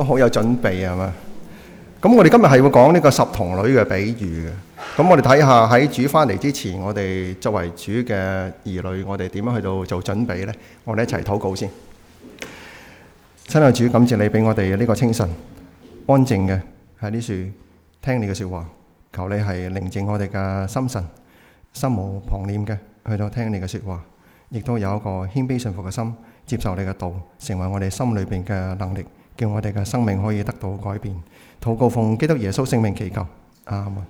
都好有準備啊嘛。咁我哋今日係會講呢個十童女嘅比喻嘅。咁我哋睇下喺主翻嚟之前，我哋作為主嘅兒女，我哋點樣去到做準備呢？我哋一齊禱告先。親愛的主，感謝你俾我哋呢個清晨，安靜嘅喺呢處聽你嘅說話。求你係寧靜我哋嘅心神，心無旁念嘅去到聽你嘅說話，亦都有一個謙卑順服嘅心，接受你嘅道，成為我哋心裏邊嘅能力。叫我哋嘅生命可以得到改變，禱告奉基督耶穌聖名祈求，阿門。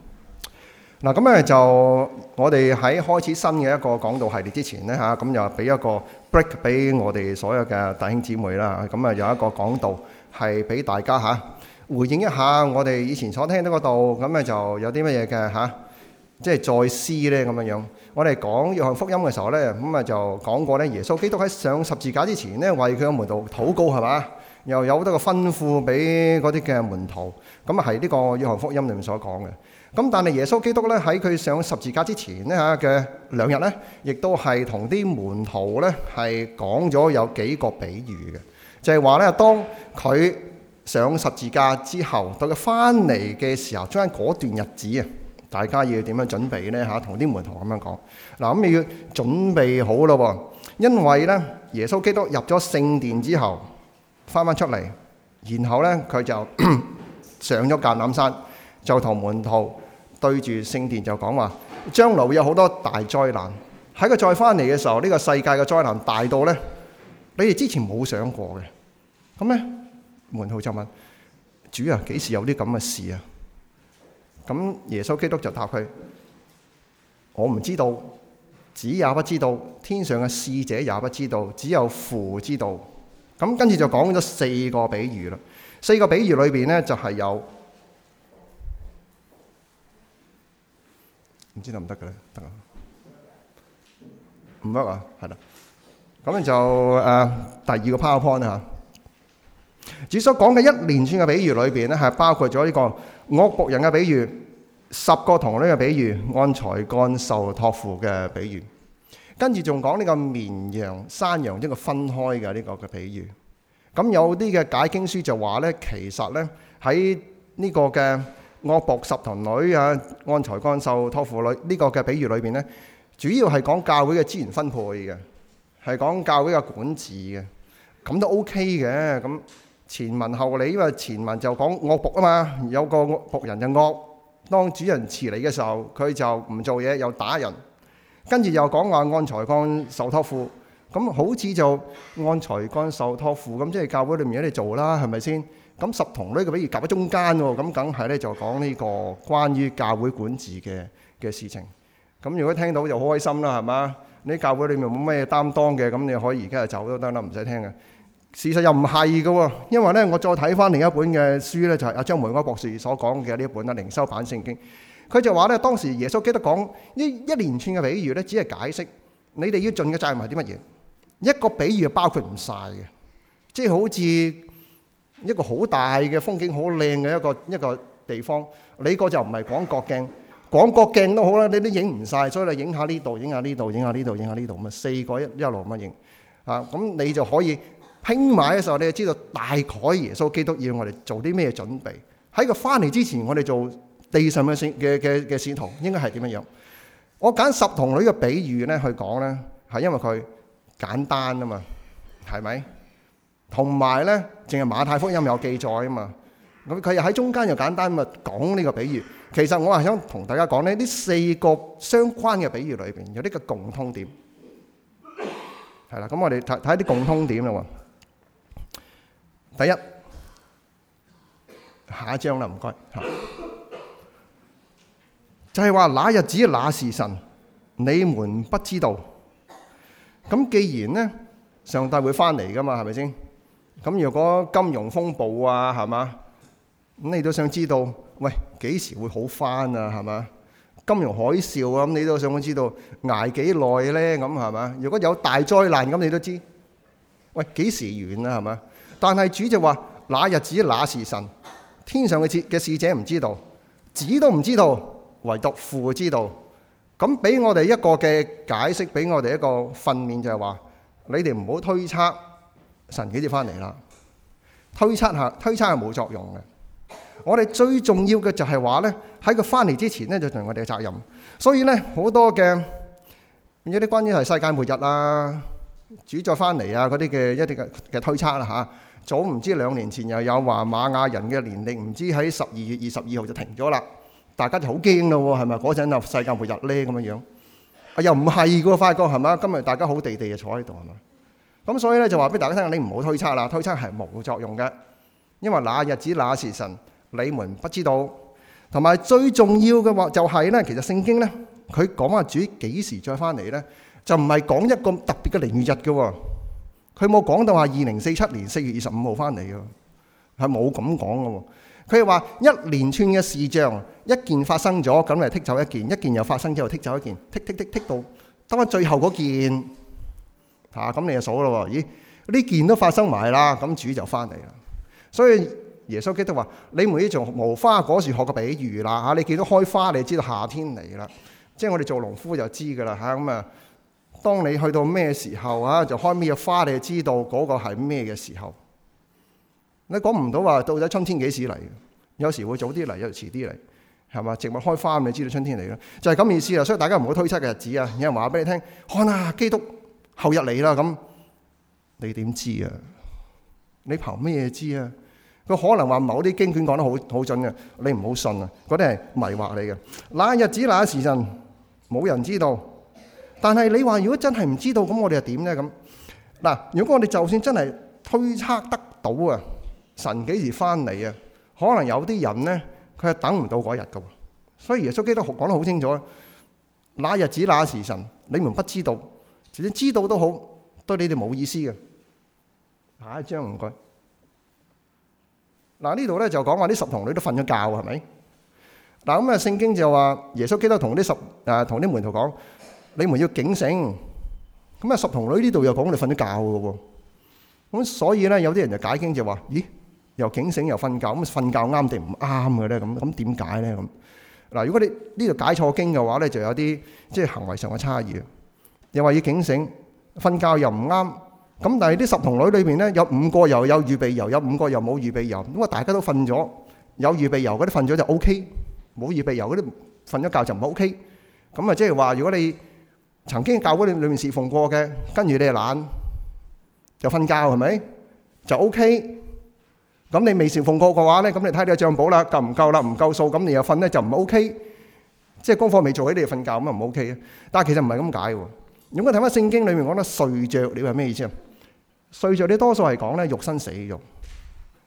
嗱，咁咧就我哋喺開始新嘅一個講道系列之前咧吓，咁又俾一個 break 俾我哋所有嘅弟兄姊妹啦，咁啊有一個講道係俾大家吓回應一下我哋以前所聽到嗰道，咁咧就有啲乜嘢嘅吓，即係再思咧咁樣樣。我哋講約翰福音嘅時候咧，咁啊就講過咧，耶穌基督喺上十字架之前咧，為佢嘅門徒禱告係嘛？又有好多個吩咐俾嗰啲嘅門徒咁啊，係呢個《約翰福音》裏面所講嘅咁。但係耶穌基督咧喺佢上十字架之前咧嚇嘅兩日咧，亦都係同啲門徒咧係講咗有幾個比喻嘅，就係話咧，當佢上十字架之後到佢翻嚟嘅時候，將嗰段日子啊，大家要點樣準備咧嚇？同啲門徒咁樣講嗱，咁你要準備好咯，因為咧耶穌基督入咗聖殿之後，翻翻出嚟，然後呢，佢就 上咗橄欖山，就同門徒對住聖殿就講話：將來會有好多大災難，喺佢再翻嚟嘅時候，呢個世界嘅災難大到呢，你哋之前冇想過嘅。咁呢，門徒就問主啊：幾時有啲咁嘅事啊？咁耶穌基督就答佢：我唔知道，子也不知道，天上嘅使者也不知道，只有父知道。咁跟住就講咗四個比喻啦。四個比喻裏面呢，就係有唔知得唔得嘅得啊？唔得啊？啊就誒第二個 PowerPoint 只、啊、主所講嘅一連串嘅比喻裏面，係包括咗呢個惡僕人嘅比喻、十個童女嘅比喻、按才幹受託付嘅比喻。跟住仲講呢個綿羊、山羊呢個分開嘅呢個嘅比喻。咁有啲嘅解經書就話呢，其實呢、這個，喺呢個嘅惡僕十童女啊，按才幹受託付女呢、這個嘅比喻裏邊呢，主要係講教會嘅資源分配嘅，係講教會嘅管治嘅。咁都 OK 嘅。咁前文後理，因為前文就講惡僕啊嘛，有個僕人就惡，當主人遲嚟嘅時候，佢就唔做嘢又打人。跟住又講話按才幹受託付，咁好似就按才幹受託付，咁即係教會裏面有啲做啦，係咪先？咁十童女呢個比喻夾喺中間喎，咁梗係咧就講呢個關於教會管治嘅嘅事情。咁如果聽到就好開心啦，係嘛？你教會裏面冇咩擔當嘅，咁你可以而家就走都得啦，唔使聽嘅。事實又唔係㗎喎，因為咧我再睇翻另一本嘅書咧，就係阿張梅安博士所講嘅呢一本啦，《靈修版聖經》。佢就話咧，當時耶穌基督講一一連串嘅比喻咧，只係解釋你哋要盡嘅責任係啲乜嘢。一個比喻啊，包括唔曬嘅，即係好似一個好大嘅風景，好靚嘅一個一個地方。你個就唔係廣角鏡，廣角鏡都好啦，你都影唔曬，所以你影下呢度，影下呢度，影下呢度，影下呢度，咁啊四個一一路咁影啊。咁你就可以拼埋嘅時候，你就知道大概耶穌基督要我哋做啲咩準備喺佢翻嚟之前，我哋做。地上嘅嘅嘅嘅使徒應該係點樣？我揀十童女嘅比喻咧去講咧，係因為佢簡單啊嘛，係咪？同埋咧，淨係馬太福音有記載啊嘛。咁佢又喺中間又簡單咁啊講呢個比喻。其實我係想同大家講咧，呢四個相關嘅比喻裏邊有啲嘅共通點。係啦，咁我哋睇睇啲共通點啦喎。第一，下一張啦，唔該嚇。就係、是、話那日子那時辰，你們不知道。咁既然咧，上帝會返嚟㗎嘛？係咪先？咁如果金融風暴啊，係嘛？咁你都想知道，喂，幾時會好返啊？係嘛？金融海嘯啊，咁你都想知道捱幾耐呢？咁係嘛？如果有大災難咁，你都知，喂，幾時完啊？係嘛？但係主就話，那日子那時辰，天上嘅事嘅使者唔知道，子都唔知道。唯獨父知道，咁俾我哋一個嘅解釋，俾我哋一個訓勉，就係話：你哋唔好推測神幾時翻嚟啦。推測下，推測係冇作用嘅。我哋最重要嘅就係話呢，喺佢翻嚟之前呢，就盡我哋嘅責任。所以呢，好多嘅一啲關於係世界末日啦、主再翻嚟啊嗰啲嘅一啲嘅嘅推測啦吓，早唔知兩年前，又有話瑪雅人嘅年曆唔知喺十二月二十二號就停咗啦。大家就好驚咯，係咪？嗰陣啊，世界末日呢，咁樣樣，啊又唔係喎，發覺係嘛？今日大家好地地啊，坐喺度係嘛？咁所以咧就話俾大家聽，你唔好推測啦，推測係冇作用嘅，因為那日子那時辰你們不知道。同埋最重要嘅話就係咧，其實聖經咧佢講阿主幾時再翻嚟咧，就唔係講一個特別嘅年月日嘅，佢冇講到話二零四七年四月二十五號翻嚟嘅，係冇咁講嘅喎。佢係話一連串嘅事象，一件發生咗，咁嚟剔走一件，一件又發生之後剔走一件，剔剔剔剔到當我最後嗰件，嚇咁你就數咯喎，咦？呢件都發生埋啦，咁主就翻嚟啦。所以耶穌基督話：你們依種無花果樹學個比喻啦，嚇你見到開花你就知道夏天嚟啦。即係我哋做農夫就知噶啦嚇咁啊！當你去到咩時候啊，就開咩花，你就知道嗰個係咩嘅時候。你講唔到話到底春天幾時嚟？有時會早啲嚟，有時會遲啲嚟，係嘛？植物開花，咪知道春天嚟咯。就係咁意思啊。所以大家唔好推測嘅日子啊。有人話俾你聽，看啊，基督後日嚟啦咁，你點知啊？你憑咩嘢知啊？佢可能話某啲經卷講得好好準啊，你唔好信啊。嗰啲係迷惑你嘅。那日子那時陣，冇人知道。但係你話如果真係唔知道，咁我哋又點呢？咁嗱，如果我哋就算真係推測得到啊？神幾時翻嚟啊？可能有啲人咧，佢係等唔到嗰日噶。所以耶穌基督講得好清楚，那日子那時辰，你們不知道，就算知道都好，對你哋冇意思嘅。下一張唔該。嗱呢度咧就講話啲十童女都瞓咗覺係咪？嗱咁啊聖經就話耶穌基督同啲十誒同啲門徒講，你們要警醒。咁啊十童女呢度又講你瞓咗覺嘅喎。咁所以咧有啲人就解經就話：，咦？又警醒，又瞓覺，咁瞓覺啱定唔啱嘅咧？咁咁點解咧？咁嗱，如果你呢度解錯經嘅話咧，就有啲即係行為上嘅差異。又話要警醒，瞓覺又唔啱咁。但係啲十童女裏邊咧，有五個又有預備油，有五個又冇預備油。咁啊，大家都瞓咗，有預備油嗰啲瞓咗就 O K，冇預備油嗰啲瞓咗覺就唔 O K。咁啊，即係話如果你曾經教會裏面侍奉過嘅，跟住你又懶就瞓覺係咪就 O K？咁你未時逢過嘅話咧，咁你睇下你賬簿啦，夠唔夠啦，唔夠數，咁你又瞓咧就唔 OK，即係功課未做喺，你又瞓覺咁啊唔 OK 啊！但係其實唔係咁解嘅。如果睇翻聖經裏面講得睡着，你話咩意思啊？睡着你多數係講咧肉身死咗。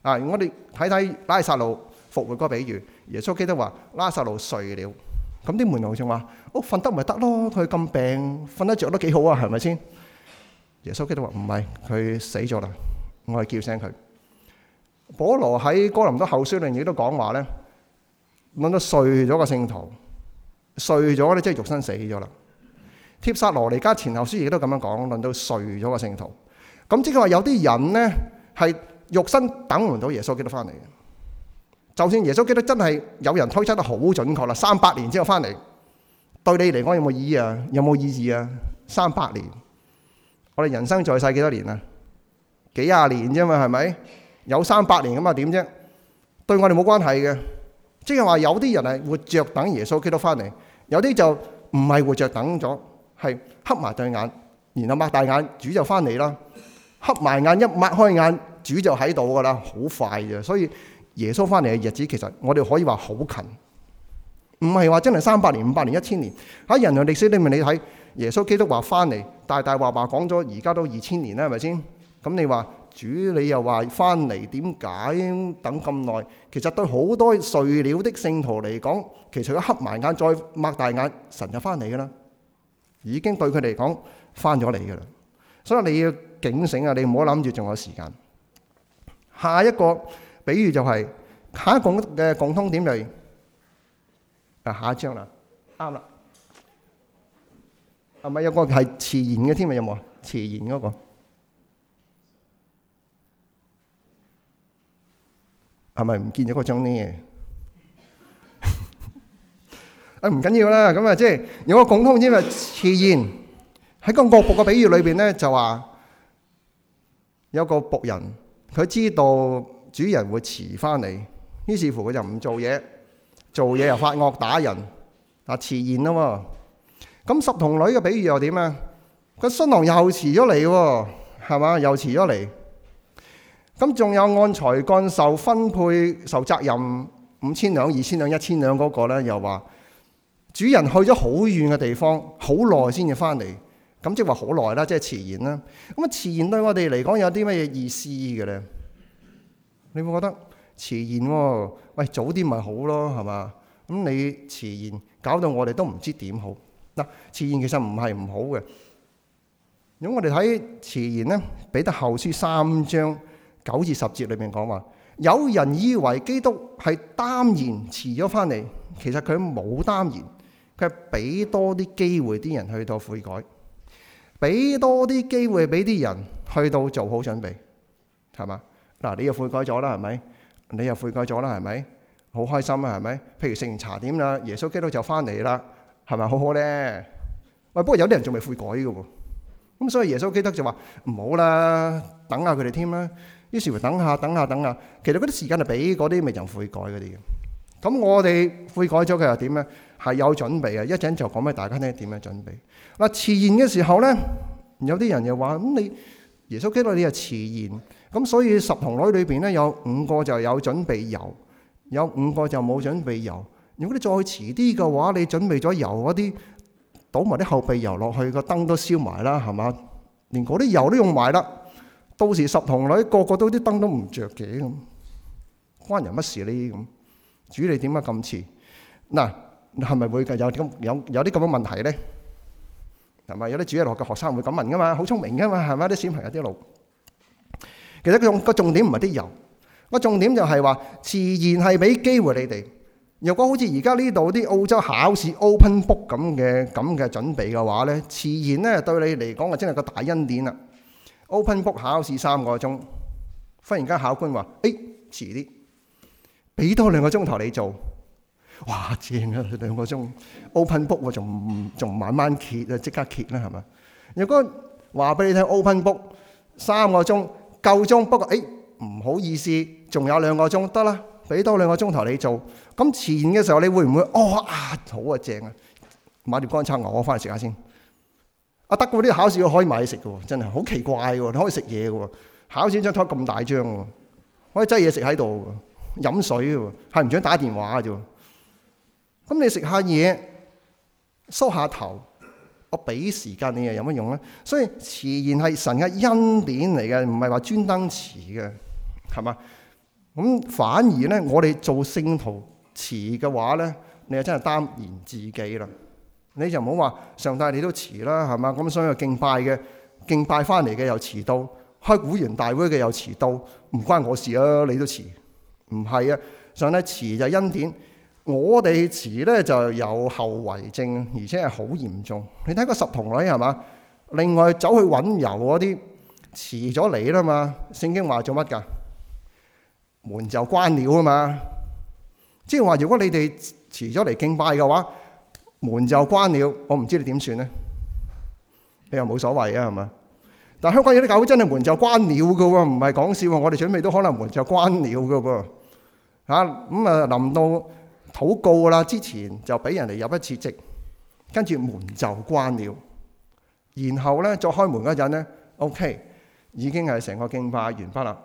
啊，我哋睇睇拉撒路復活嗰個比喻，耶穌基督話拉撒路睡了，咁啲門徒就話：哦，瞓得咪得咯，佢咁病，瞓得着都幾好啊，係咪先？耶穌基督話唔係，佢死咗啦，我係叫醒佢。保羅喺哥林多後書裏亦都講話咧，論到睡咗個聖徒，睡咗咧即係肉身死咗啦。帖撒羅尼加前後書亦都咁樣講，論到睡咗個聖徒。咁即係話有啲人咧係肉身等唔到耶穌基督翻嚟嘅。就算耶穌基督真係有人推測得好準確啦，三百年之後翻嚟，對你嚟講有冇意義啊？有冇意義啊？三百年，我哋人生在世幾多年啊？幾廿年啫嘛，係咪？有三百年咁啊？點啫？對我哋冇關係嘅，即係話有啲人係活着等耶穌基督翻嚟，有啲就唔係活着等咗，係黑埋對眼，然後擘大眼，主就翻嚟啦。黑埋眼一擘開眼，主就喺度噶啦，好快嘅。所以耶穌翻嚟嘅日子，其實我哋可以話好近，唔係話真係三百年，五百年，一千年。喺人類歷史裏面你，你睇耶穌基督話翻嚟，大大話話講咗，而家都二千年啦，係咪先？咁你話？主，你又話翻嚟，點解等咁耐？其實對好多碎料的聖徒嚟講，其實佢黑埋眼，再擘大眼，神就翻嚟噶啦。已經對佢嚟講翻咗嚟噶啦。所以你要警醒啊！你唔好諗住仲有時間。下一個比喻就係、是、下一個嘅共、共通點就係、是、啊下一章啦，啱啦。係咪有個係遲延嘅添啊？有冇啊？遲延嗰個？係咪唔見咗嗰張呢嘢？啊、 哎，唔緊要啦，咁啊、就是，即係有個共通之處，遲延。喺個惡僕嘅比喻裏邊咧，就話有個僕人，佢知道主人會遲翻嚟，於是乎佢就唔做嘢，做嘢又發惡打人，啊，遲延吖嘛。咁十童女嘅比喻又點啊？個新郎又遲咗嚟，係嘛？又遲咗嚟。咁仲 有按才幹受分配受責任，五千兩二千兩一千兩嗰個咧，又話主人去咗好遠嘅地方，好耐先至翻嚟。咁即係話好耐啦，即係遲延啦。咁啊遲延對我哋嚟講有啲乜嘢意思嘅咧？你會覺得遲延，喔？喂，早啲咪好咯，係嘛？咁你遲延搞到我哋都唔知點好。嗱，遲延其實唔係唔好嘅。咁我哋睇遲延咧，彼得後書三章。九至十節裏面講話，有人以為基督係耽延遲咗返嚟，其實佢冇耽延，佢係俾多啲機會啲人去到悔改，俾多啲機會俾啲人去到做好準備，係嘛？嗱，你又悔改咗啦，係咪？你又悔改咗啦，係咪？好開心啊，係咪？譬如食完茶點啦，耶穌基督就返嚟啦，係咪好好呢！喂，不過有啲人仲未悔改嘅，咁所以耶穌基督就話唔好啦，等下佢哋添啦。於是乎等下等下等下，其實嗰啲時間就俾嗰啲未曾悔改嗰啲嘅。咁我哋悔改咗嘅又點咧？係有準備嘅，一陣就講俾大家聽點樣準備的。嗱，遲延嘅時候咧，有啲人又話：咁、嗯、你耶穌基督你又遲延。」咁所以十童女裏邊咧，有五個就有準備油，有五個就冇準備油。如果你再遲啲嘅話，你準備咗油嗰啲倒埋啲後備油落去，個燈都燒埋啦，係嘛？連嗰啲油都用埋啦。到時十童女個個都啲燈都唔着嘅咁，關人乜事呢？咁主你點解咁遲？嗱，係咪會有咁有有啲咁嘅問題咧？係嘛？有啲主日學嘅學生會咁問噶嘛？好聰明噶嘛？係嘛？啲小朋友啲腦。其實重個重點唔係啲油，個重點就係話遲延係俾機會你哋。若果好似而家呢度啲澳洲考試 open book 咁嘅咁嘅準備嘅話咧，遲延咧對你嚟講啊，真係個大恩典啦。Open book 考試三個鐘，忽然間考官話：哎、欸，遲啲，俾多兩個鐘頭你做。哇，正啊，兩個鐘。Open book 我仲仲慢慢揭啊，即刻揭啦，係咪？如果話俾你聽，Open book 三個鐘夠鐘，不過，哎、欸，唔好意思，仲有兩個鐘，得啦，俾多兩個鐘頭你做。咁、嗯、前嘅時候，你會唔會？哦啊，好啊，正啊，買碟乾炒牛河翻嚟食下先。德國啲考試都可以買嘢食嘅，真係好奇怪，你可以食嘢嘅，考試張台咁大張，可以擠嘢食喺度，飲水嘅，係唔想打電話嘅啫。咁你食下嘢，梳下頭，我俾時間你又有乜用咧？所以遲延係神嘅恩典嚟嘅，唔係話專登遲嘅，係嘛？咁反而咧，我哋做聖徒遲嘅話咧，你又真係擔延自己啦。你就唔好話上帝，你都遲啦，係嘛？咁所以敬拜嘅敬拜翻嚟嘅又遲到，開古言大會嘅又遲到，唔關我事啊！你都遲，唔係啊！上帝遲就恩典，我哋遲咧就有後遺症，而且係好嚴重。你睇個十童女，係嘛？另外走去揾油嗰啲遲咗嚟啦嘛？聖經話做乜噶？門就關了啊嘛！即係話，如果你哋遲咗嚟敬拜嘅話，門就關了，我唔知你點算呢？你又冇所謂啊，係嘛？但香港有啲教會真係門就關了噶喎，唔係講笑。我哋準備都可能門就關了噶喎。啊，咁啊臨到禱告啦之前就俾人哋入一次籍，跟住門就關了。然後咧再開門嗰陣咧，OK，已經係成個敬拜完翻啦。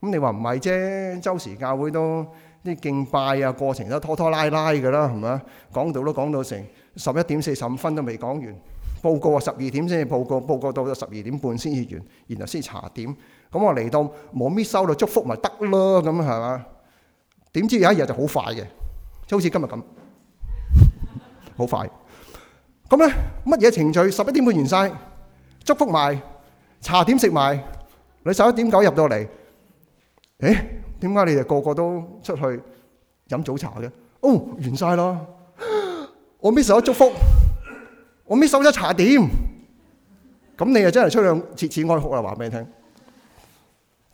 咁你話唔係啫？週時教會都啲敬拜啊，過程都拖拖拉拉嘅啦，係嘛？講到都講到成十一點四十五分都未講完，報告啊十二點先至報告，報告到咗十二點半先至完，然後先查點。咁我嚟到冇咩收到祝福咪得咯？咁係嘛？點知有一日就好快嘅，即好似今日咁，好 快。咁咧乜嘢程序？十一點半完晒。祝福埋，茶點食埋，你十一點九入到嚟。誒，點解你哋個個都出去飲早茶嘅？哦，完晒咯，我 miss 咗祝福，我 miss 咗茶點，咁你啊真係出去切齒哀哭啊！話俾你聽，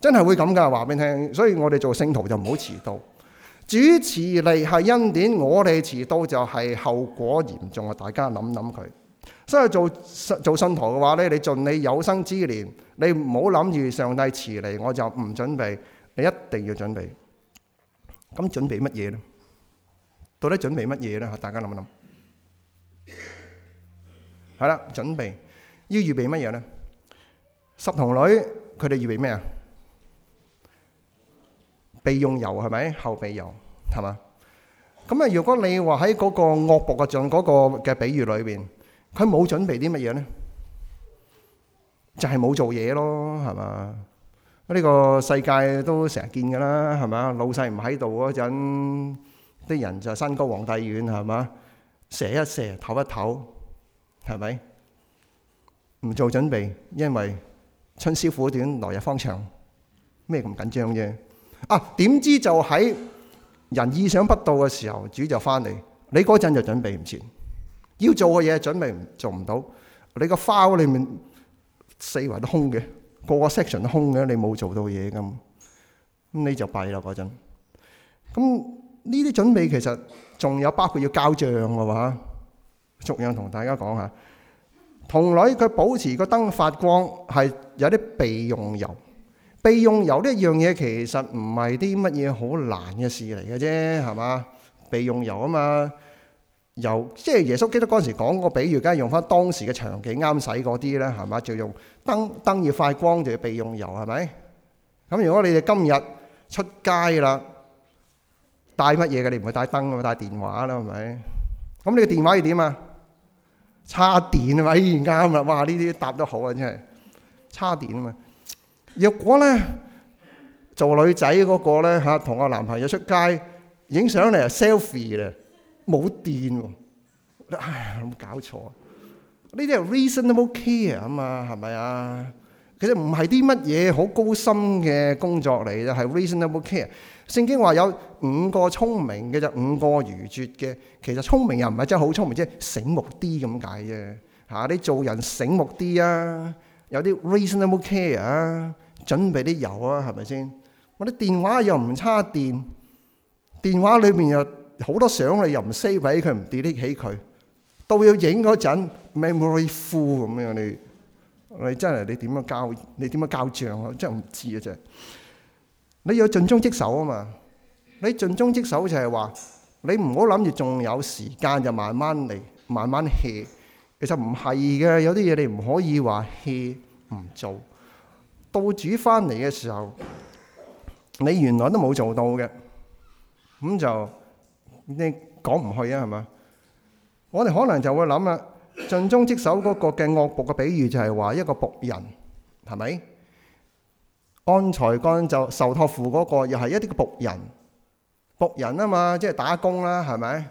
真係會咁噶，話俾你聽。所以我哋做聖徒就唔好遲到。主遲嚟係恩典，我哋遲到就係後果嚴重啊！大家諗諗佢。所以做做信徒嘅話咧，你盡你有生之年，你唔好諗住上帝遲嚟我就唔準備。你一定要準備，咁準備乜嘢咧？到底準備乜嘢咧？嚇，大家諗一諗？係啦，準備要預備乜嘢咧？十童女佢哋預備咩啊？備用油係咪？後備油係嘛？咁啊，如果你話喺嗰個惡薄嘅像嗰個嘅比喻裏邊，佢冇準備啲乜嘢咧？就係冇做嘢咯，係嘛？.呢個世界都成日見噶啦，係嘛？老細唔喺度嗰陣，啲人就山高皇帝遠，係嘛？蛇一蛇，唞一唞，係咪？唔做準備，因為春宵苦短，來日方長，咩咁緊張啫？啊，點知就喺人意想不到嘅時候，主就翻嚟，你嗰陣就準備唔切，要做嘅嘢準備做唔到，你個包裏面四圍都空嘅。個個 section 都空嘅，你冇做到嘢咁，咁你就弊啦嗰陣。咁呢啲準備其實仲有包括要交帳嘅話，逐樣同大家講下。童女佢保持個燈發光係有啲備用油，備用油呢樣嘢其實唔係啲乜嘢好難嘅事嚟嘅啫，係嘛？備用油啊嘛。油，即係耶穌基督嗰時講個比喻，梗係用翻當時嘅場景啱使嗰啲啦，係嘛？就用燈，燈要快光就要備用油，係咪？咁如果你哋今日出街啦，帶乜嘢嘅？你唔會帶燈，咪帶電話啦，係咪？咁你個電話要點啊？叉電啊嘛，啱啦！哇，呢啲答得好啊，真係叉電啊嘛。若果咧，做女仔嗰個咧吓，同個男朋友出街影相咧，selfie 咧。冇電喎！唉，有冇搞錯啊？呢啲係 reasonable care 啊嘛，係咪啊？其實唔係啲乜嘢好高深嘅工作嚟啫，係 reasonable care。聖經話有五個聰明嘅就五個愚拙嘅。其實聰明又唔係真係好聰明，即係醒目啲咁解啫。嚇，你做人醒目啲啊？有啲 reasonable care 啊，準備啲油啊，係咪先？我啲電話又唔差電，電話裏面又～好多相，你又唔 save 畀佢，唔 delete 起佢，到要影嗰陣 memory full，咁樣你，你真係你，點樣交，你點樣交賬啊？真係唔知嘅啫。你要盡忠職守啊嘛！你盡忠職守就係話你唔好諗住仲有時間，就慢慢嚟，慢慢 hea，其實唔係嘅，有啲嘢你唔可以話 hea 唔做。到主翻嚟嘅時候，你原來都冇做到嘅，咁就。你講唔去啊，係嘛？我哋可能就會諗啊，盡忠職守嗰個嘅惡僕嘅比喻就係話一個僕人係咪？按才幹就受託付嗰個又係一啲嘅僕人，僕人啊嘛，即係打工啦，係咪？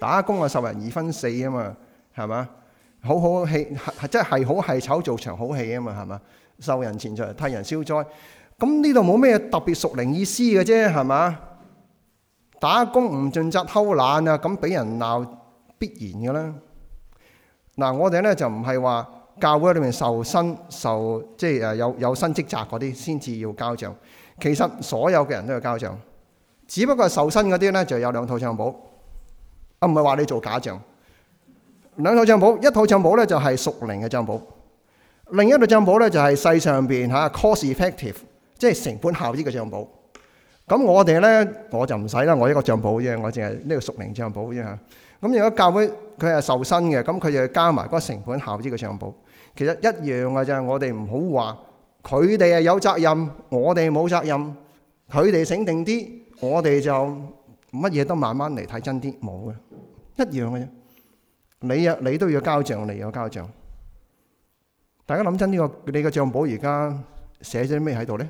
打工啊，受人二分四啊嘛，係嘛？好好戲，即係係好係醜做場好戲啊嘛，係嘛？受人錢財替人消災，咁呢度冇咩特別屬靈意思嘅啫，係嘛？打工唔盡責偷懶啊，咁俾人鬧必然嘅啦。嗱，我哋咧就唔係話教會裏面受薪受即係誒有有薪職責嗰啲先至要交帳，其實所有嘅人都要交帳。只不過係受薪嗰啲咧就有兩套帳簿，唔係話你做假帳。兩套帳簿，一套帳簿咧就係屬靈嘅帳簿，另一套帳簿咧就係、是、世上邊嚇、啊、cost-effective，即係成本效益嘅帳簿。咁我哋咧，我就唔使啦，我一個賬簿啫，我淨係呢個屬名賬簿啫吓。咁如果教會佢係受薪嘅，咁佢就要加埋嗰個成本效益嘅賬簿。其實一樣嘅，就係我哋唔好話佢哋係有責任，我哋冇責任。佢哋醒定啲，我哋就乜嘢都慢慢嚟睇真啲，冇嘅，一樣嘅。你有你都要交賬，你有交賬。大家諗真呢個，你嘅賬簿而家寫咗啲咩喺度咧？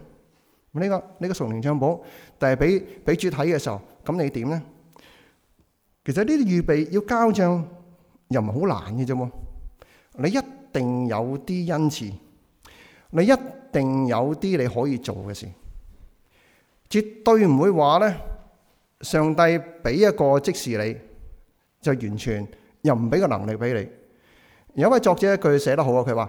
呢、這個呢、這個熟齡賬簿，但係俾俾主睇嘅時候，咁你點呢？其實呢啲預備要交賬，又唔係好難嘅啫麼？你一定有啲恩賜，你一定有啲你可以做嘅事，絕對唔會話咧，上帝俾一個即使你，就完全又唔俾個能力俾你。有一位作者一句寫得好啊，佢話。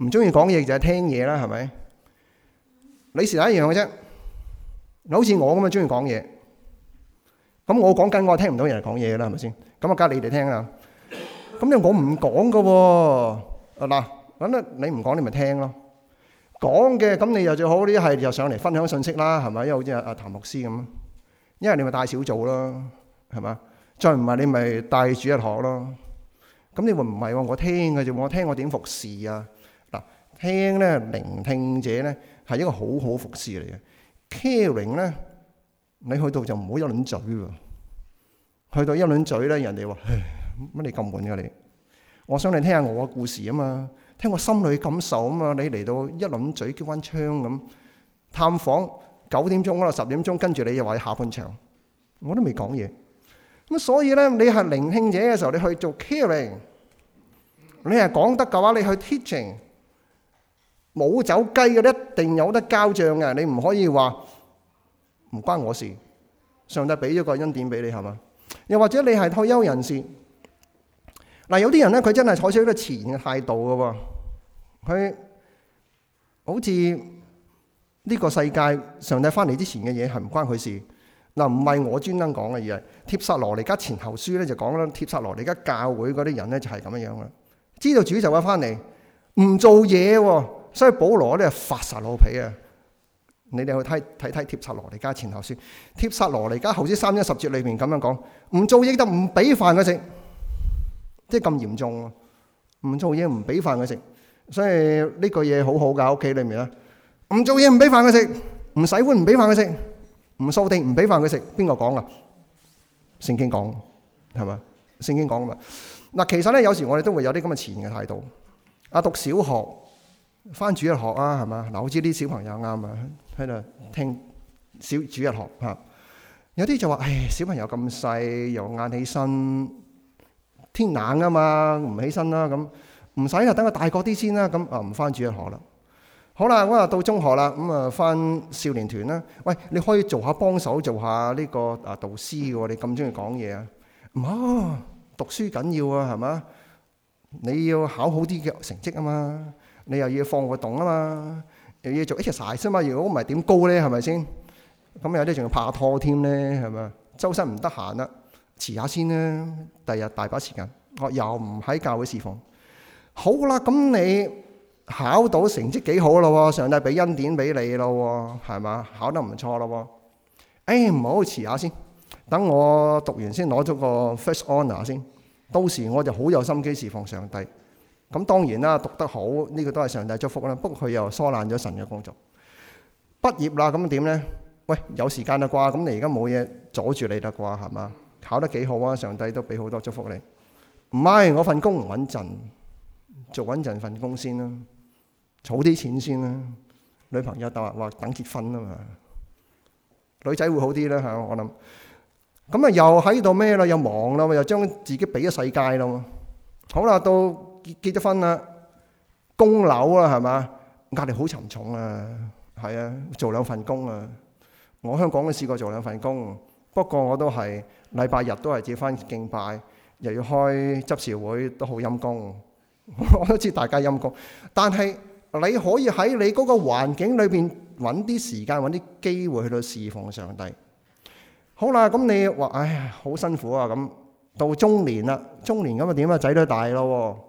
唔中意講嘢就係聽嘢啦，係咪？你事係一樣嘅啫。嗱，好似我咁啊，中意講嘢。咁我講緊，我聽唔到人哋講嘢啦，係咪先？咁啊，交你哋聽啊。咁因為我唔講噶。嗱，咁啊，你唔講你咪聽咯。講嘅咁你又最好，呢一係就上嚟分享信息啦，係咪？因為好似阿阿譚牧師咁，一係你咪帶小組咯，係嘛？再唔係你咪帶主日學咯。咁你話唔係喎？我聽嘅就我聽，我點服侍啊？聽咧，聆聽者咧係一個好好服侍嚟嘅。caring 咧，你去到就唔好一輪嘴，去到一輪嘴咧，人哋話唉，乜你咁悶噶你？我想你聽下我嘅故事啊嘛，聽我心裏感受啊嘛。你嚟到一輪嘴叫關窗咁探訪九點鐘嗰度十點鐘，跟住你又話你下半場，我都未講嘢。咁所以咧，你係聆聽者嘅時候，你去做 caring，你係講得嘅話，你去 teaching。冇走雞嘅，一定有得交賬嘅。你唔可以話唔關我事。上帝俾咗個恩典俾你，係嘛？又或者你係退休人士嗱、啊？有啲人咧，佢真係採取一個前嘅態度嘅。佢好似呢個世界，上帝翻嚟之前嘅嘢係唔關佢事嗱，唔、啊、係我專登講嘅，嘢。係帖撒羅尼迦前後書咧就講啦。帖撒羅尼迦教會嗰啲人咧就係、是、咁樣樣啦。知道主就快翻嚟，唔做嘢、哦。所以保羅咧發晒老脾啊！你哋去睇睇睇帖撒羅尼迦前書，帖撒羅尼迦後書三一十節裏邊咁樣講：唔做嘢就唔俾飯佢食，即係咁嚴重。啊。唔做嘢唔俾飯佢食，所以呢句嘢好好噶喺屋企裏面咧，唔做嘢唔俾飯佢食，唔洗碗唔俾飯佢食,掃食,掃食，唔掃地唔俾飯佢食。邊個講啊？聖經講係咪？聖經講啊嘛？嗱，其實咧有時我哋都會有啲咁嘅前嘅態度。阿讀小學。嗱，翻主日學啊，係嘛？我知啲小朋友啱啊，喺度聽小主日學嚇。有啲就話，唉，小朋友咁細，又晏起身，天冷啊嘛，唔起身啦，啊。咁唔使啦，等佢大個啲先啦。咁啊，唔翻主日學啦。好啦，我話到中學啦，咁啊，翻少年團啦。喂，你可以做一下幫手、呢個，做下呢個啊導師嘅喎。你咁中意講嘢啊？唔、哦、好，讀書緊要啊，係嘛？你要考好啲嘅成績啊嘛。你又要放個洞啊嘛，又要做 exercise 啊嘛，如果唔係點高呢？係咪先？咁有啲仲要拍拖添呢？係咪？周身唔得閒啦，遲下先啦，第日大把時間，我又唔喺教會侍奉。好啦，咁你考到成績幾好咯，上帝俾恩典俾你咯，係嘛？考得唔錯咯，哎，唔好遲下先，等我讀完先攞咗個 first honor 先，到時我就好有心機侍奉上帝。咁當然啦，讀得好，呢個都係上帝祝福啦。不過佢又疏懶咗神嘅工作。畢業啦，咁點呢？喂，有時間啊啩？咁你而家冇嘢阻住你啦啩？係嘛？考得幾好啊？上帝都俾好多祝福你。唔係，我份工唔穩陣，做穩陣份工先啦，儲啲錢先啦。女朋友話話等結婚啊嘛。女仔會好啲啦嚇，我諗。咁啊又喺度咩啦？又忙啦嘛？又將自己俾咗世界啦嘛。好啦，到。結結咗婚啦，供樓啦，係嘛，壓力好沉重啊，係啊，做兩份工啊。我香港都試過做兩份工，不過我都係禮拜日都係接翻敬拜，又要開執事會，都好陰功。 我都知大家陰功，但係你可以喺你嗰個環境裏邊揾啲時間，揾啲機會去到侍奉上帝。好啦、啊，咁你話唉，好、哎、辛苦啊，咁到中年啦，中年咁啊點啊，仔女大咯。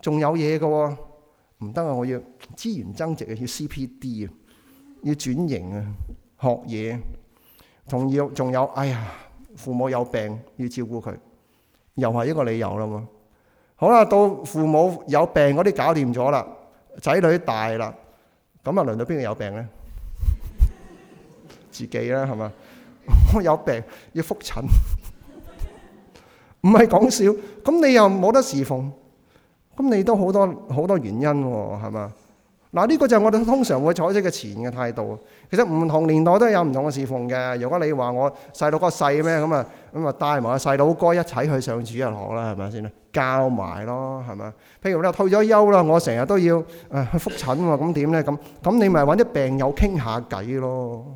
仲有嘢嘅喎，唔得啊！我要資源增值啊，要 CPD 啊，要轉型啊，學嘢，仲要仲有，哎呀，父母有病要照顧佢，又係一個理由啦嘛。好啦，到父母有病嗰啲搞掂咗啦，仔女大啦，咁啊輪到邊個有病咧？自己啦，係嘛？我有病要覆診，唔係講笑。咁你又冇得侍奉。咁你都好多好多原因喎，係嘛？嗱，呢個就係我哋通常會採取嘅前嘅態度。其實唔同年代都有唔同嘅侍奉嘅。如果你話我細佬哥細咩？咁啊咁啊，帶埋細佬哥一齊去上主日學啦，係咪先咧？教埋咯，係咪？譬如你話退咗休啦，我成日都要誒去復診喎，咁點咧咁咁？你咪揾啲病友傾下偈咯，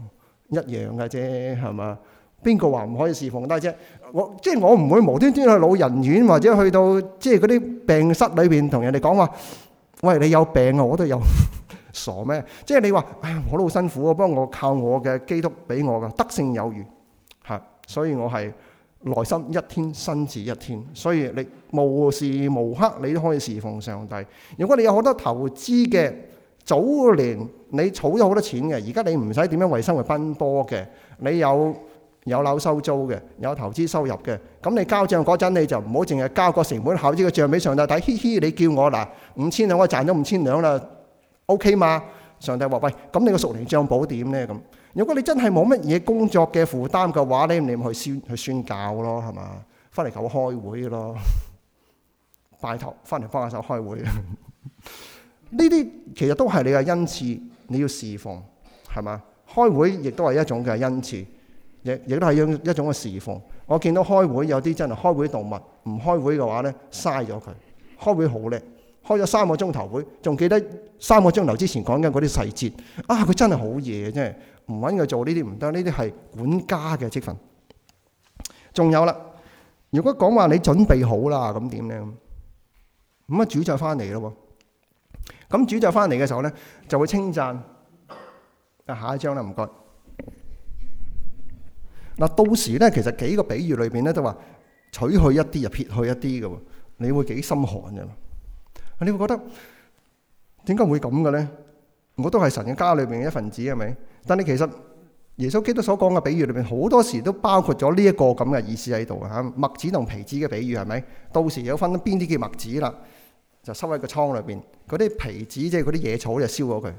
一樣嘅啫，係嘛？邊個話唔可以侍奉得啫？我即係我唔會無端端去老人院或者去到即係嗰啲病室裏邊同人哋講話。喂，你有病啊？我都有呵呵傻咩？即係你話唉，我都好辛苦啊。不過我靠我嘅基督俾我嘅德性有餘吓，所以我係內心一天新似一天。所以你無時無刻你都可以侍奉上帝。如果你有好多投資嘅早年你儲咗好多錢嘅，而家你唔使點樣為生活奔波嘅，你有。有樓收租嘅，有投資收入嘅，咁你交賬嗰陣，你就唔好淨係交個成本，考啲個賬俾上帝睇。嘻嘻，你叫我嗱五千兩，我賺咗五千兩啦，OK 嘛？上帝話喂，咁你個熟年賬簿點呢？咁如果你真係冇乜嘢工作嘅負擔嘅話你唔去宣去宣教咯，係嘛？翻嚟搞開會咯，拜託翻嚟幫下手開會。呢 啲其實都係你嘅恩賜，你要侍奉，係嘛？開會亦都係一種嘅恩賜。亦亦都係一一種嘅侍奉。我見到開會有啲真係開會動物，唔開會嘅話咧，嘥咗佢。開會好叻，開咗三個鐘頭會，仲記得三個鐘頭之前講緊嗰啲細節。啊，佢真係好嘢，真係唔揾佢做呢啲唔得。呢啲係管家嘅職份。仲有啦，如果講話你準備好啦，咁點咧？咁啊，主就翻嚟咯。咁主就翻嚟嘅時候咧，就會稱讚。啊，下一張啦，唔該。到時咧，其實幾個比喻裏邊咧，都話取去一啲就撇去一啲嘅，你會幾心寒嘅。你會覺得點解會咁嘅咧？我都係神嘅家裏邊嘅一份子，係咪？但你其實耶穌基督所講嘅比喻裏邊，好多時都包括咗呢一個咁嘅意思喺度啊。麥子同皮子嘅比喻係咪？到時有分邊啲叫麥子啦，就收喺個倉裏邊；嗰啲皮子即係嗰啲野草，就燒咗佢。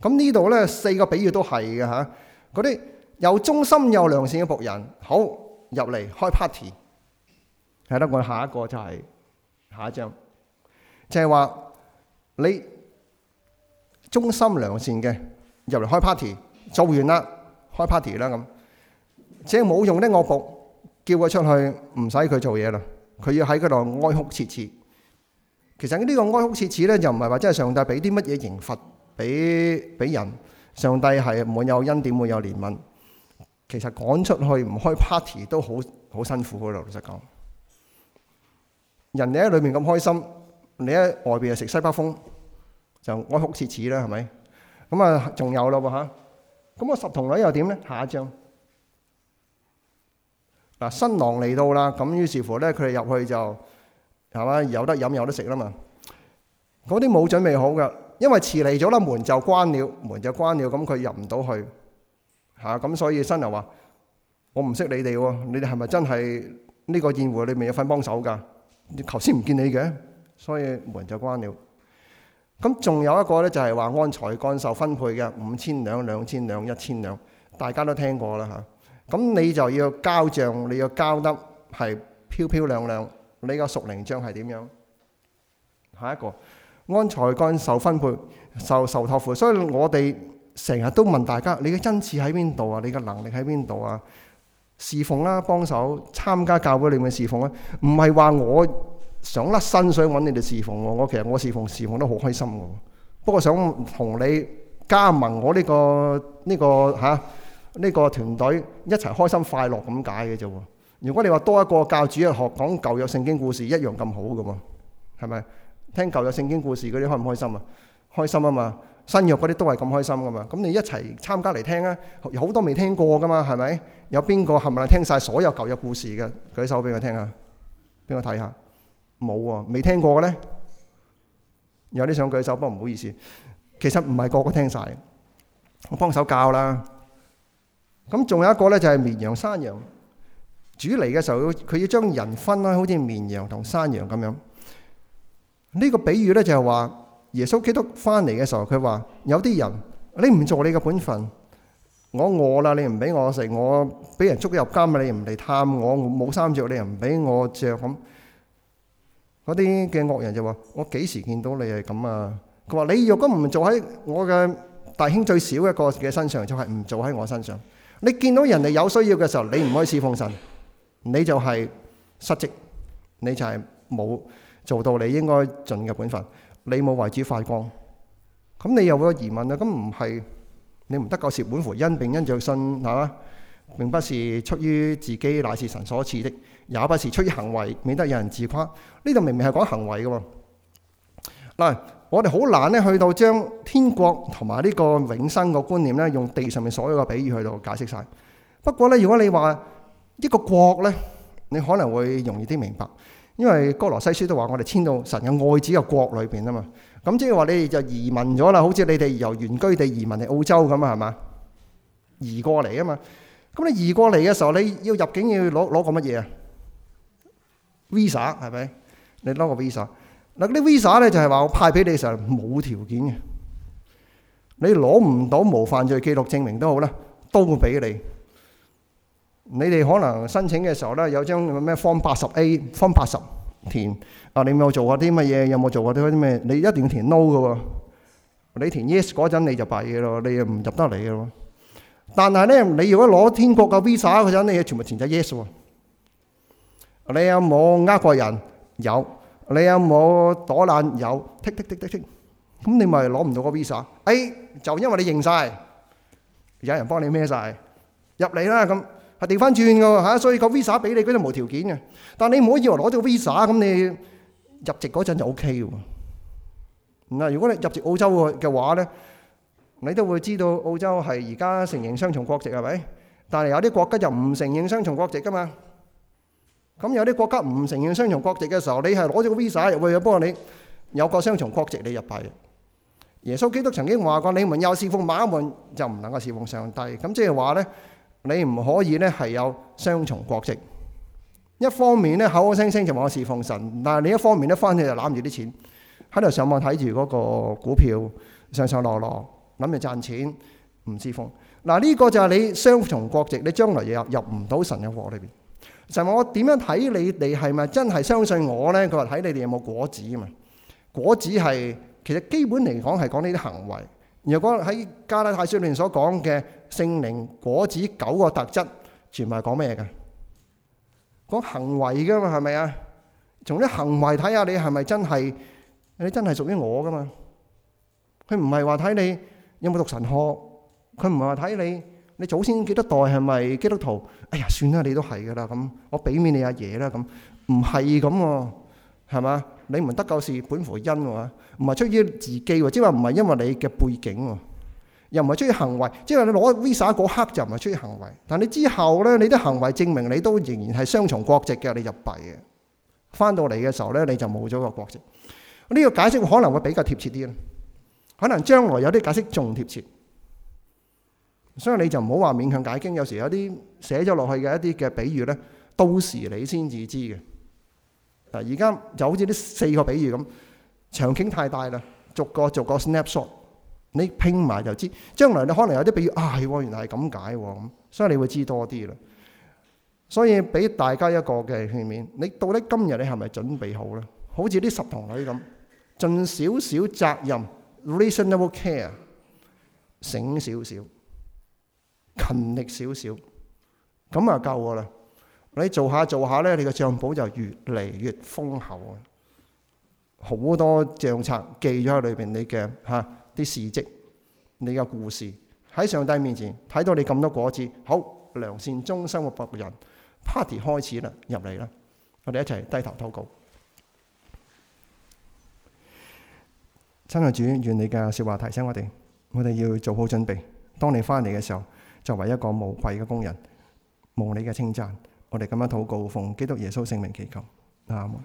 咁呢度咧四個比喻都係嘅吓，啲、啊。有忠心有良善嘅僕人，好，入嚟開 party，係啦。我下一個就係、是、下一章，就係、是、話你忠心良善嘅入嚟開 party，做完啦開 party 啦，咁，即係冇用呢？我僕叫佢出去，唔使佢做嘢啦，佢要喺嗰度哀哭切切。其實呢個哀哭切切咧，就唔係話真係上帝俾啲乜嘢刑罰俾俾人，上帝係唔會有恩典會有憐憫。其實趕出去唔開 party 都好好辛苦噶，老實講。人哋喺裏面咁開心，你喺外邊又食西北風，就哀哭切齒啦，係咪？咁、嗯、啊，仲有咯吓。咁個十童女又點咧？下一章嗱，新郎嚟到啦，咁於是乎咧，佢哋入去就係嘛，有得飲有得食啦嘛。嗰啲冇準備好噶，因為遲嚟咗啦，門就關了，門就關了，咁佢入唔到去。啊，咁所以新郎話我唔識你哋喎、啊，你哋係咪真係呢個宴會裏面有份幫手噶？你頭先唔見你嘅，所以門就關了。咁、啊、仲有一個呢，就係話按才幹受分配嘅，五千兩、兩千兩、一千兩，大家都聽過啦吓。咁、啊、你就要交賬，你要交得係漂漂亮亮。你個屬靈賬係點樣？下一個，按才幹受分配，受受託付，所以我哋。成日都問大家：你嘅恩賜喺邊度啊？你嘅能力喺邊度啊？侍奉啦、啊，幫手參加教會裏面侍奉啦、啊。唔係話我想甩身想揾你哋侍奉、啊、我。其實我侍奉侍奉都好開心嘅、啊。不過想同你加盟我呢、這個呢、這個嚇呢、啊，這個團隊一齊開心快樂咁解嘅啫。如果你話多一個教主學講舊約聖經故事一樣咁好嘅喎，係咪聽舊約聖經故事嗰啲開唔開心啊？開心啊嘛！新約嗰啲都係咁開心噶嘛？咁你一齊參加嚟聽啊！有好多未聽過噶嘛，係咪？有邊個係咪唥聽晒所有舊約故事嘅？舉手俾我聽下，俾我睇下。冇喎、啊，未聽過嘅咧。有啲想舉手，不過唔好意思，其實唔係個個聽晒。我幫手教啦。咁仲有一個咧，就係綿羊山羊。主嚟嘅時候，佢要將人分開，好似綿羊同山羊咁樣。呢、這個比喻咧，就係話。耶穌基督翻嚟嘅時候，佢話有啲人你唔做你嘅本分，我餓啦，你唔俾我食；我俾人捉入監啊，你唔嚟探我；冇衫着，你又唔俾我着。咁嗰啲嘅惡人就話：我幾時見到你係咁啊？佢話你若果唔做喺我嘅弟兄最少一個嘅身上，就係、是、唔做喺我身上。你見到人哋有需要嘅時候，你唔可以侍奉神，你就係失職，你就係冇做到你應該盡嘅本分。你冇位置發光，咁你又會有疑問呀。咁唔係你唔得救是本乎恩並因着信，嚇，並不是出於自己，乃是神所賜的，也不是出於行為，免得有人自誇。呢度明明係講行為嘅喎。嗱，我哋好難呢去到將天國同埋呢個永生個觀念呢，用地上面所有嘅比喻去到解釋晒。不過呢，如果你話一個國呢，你可能會容易啲明白。因為哥羅西書都話我哋遷到神嘅愛子嘅國裏邊啊嘛，咁即係話你哋就移民咗啦，好似你哋由原居地移民嚟澳洲咁啊，係嘛？移過嚟啊嘛，咁你移過嚟嘅時候，你要入境要攞攞個乜嘢啊？Visa 係咪？你攞個 Visa。嗱嗰啲 Visa 咧就係話我派俾你嘅時候冇條件嘅，你攞唔到無犯罪記錄證明都好啦，都會俾你。你哋可能申請嘅時候咧，有張咁嘅咩 Form 八十 A Form 八十填啊，你有冇做過啲乜嘢？有冇做過啲嗰啲咩？你一定要填 no 嘅喎，你填 yes 嗰陣你就弊嘅咯，你又唔入得嚟嘅咯。但係咧，你如果攞天國嘅 visa 嗰陣，你嘢全部填咗 yes 喎。你有冇呃過人？有。你有冇躲懶？有。tick tick tick tick tick。咁你咪攞唔到個 visa？哎，就因為你認曬，有人幫你孭曬入嚟啦咁。掉翻轉噶吓，所以個 visa 俾你，佢都無條件嘅。但係你唔好以為攞咗個 visa 咁，你入籍嗰陣就 ok 嘅。嗱，如果你入籍澳洲嘅話咧，你都會知道澳洲係而家承認雙重國籍係咪？但係有啲國家就唔承認雙重國籍噶嘛。咁有啲國家唔承認雙重國籍嘅時候，你係攞咗個 visa 入去，不過你有個雙重國籍你入去嘅。耶穌基督曾經話過，你們又侍奉馬門，就唔能夠侍奉上帝。咁即係話咧。你唔可以咧係有雙重國籍，一方面咧口口聲聲就話侍奉神，但係你一方面咧翻去就攬住啲錢，喺度上網睇住嗰個股票上上落落，諗住賺錢唔侍奉。嗱呢、啊這個就係你雙重國籍，你將來又入唔到神嘅國裏邊。神話，我點樣睇你哋係咪真係相信我呢？佢話睇你哋有冇果子嘛？果子係其實基本嚟講係講呢啲行為。如果喺加拉太書裏面所講嘅。聖靈果子九個特質，全部係講咩嘅？講行為噶嘛？係咪啊？從啲行為睇下，你係咪真係你真係屬於我噶嘛？佢唔係話睇你有冇讀神學，佢唔係話睇你你祖先幾多代係咪基督徒？哎呀，算啦，你都係噶啦，咁我俾面你阿爺啦，咁唔係咁喎，係嘛？你們得救是本乎恩喎，唔係出於自己，即係話唔係因為你嘅背景。又唔係出於行為，即係你攞 Visa 嗰刻就唔係出於行為，但你之後呢，你啲行為證明你都仍然係雙重國籍嘅，你就弊嘅。翻到嚟嘅時候呢，你就冇咗個國籍。呢、呢個解釋可能會比較貼切啲啦，可能將來有啲解釋仲貼切，所以你就唔好話勉強解經。有時有啲寫咗落去嘅一啲嘅比喻呢，到時你先至知嘅。嗱，而家就好似呢四個比喻咁，場景太大啦，逐個逐個 snapshot。你拼埋就知，將來你可能有啲比喻，哎，原來係咁解，咁所以你會知多啲啦。所以俾大家一個嘅片面，你到底今日你係咪準備好咧？好似啲十童女咁，盡少少責任，reasonable care，醒少少，勤力少少，咁啊夠啦！你做下做下咧，你嘅賬簿就越嚟越豐厚，好多賬冊記咗喺裏邊，你嘅吓。啲事蹟，你嘅故事喺上帝面前睇到你咁多果子，好良善忠心嘅僕人，party 開始啦，入嚟啦，我哋一齊低頭禱告。親愛主，願你嘅說話提醒我哋，我哋要做好準備。當你翻嚟嘅時候，作為一個無愧嘅工人，蒙你嘅稱讚，我哋咁樣禱告，奉基督耶穌聖名祈求，阿門。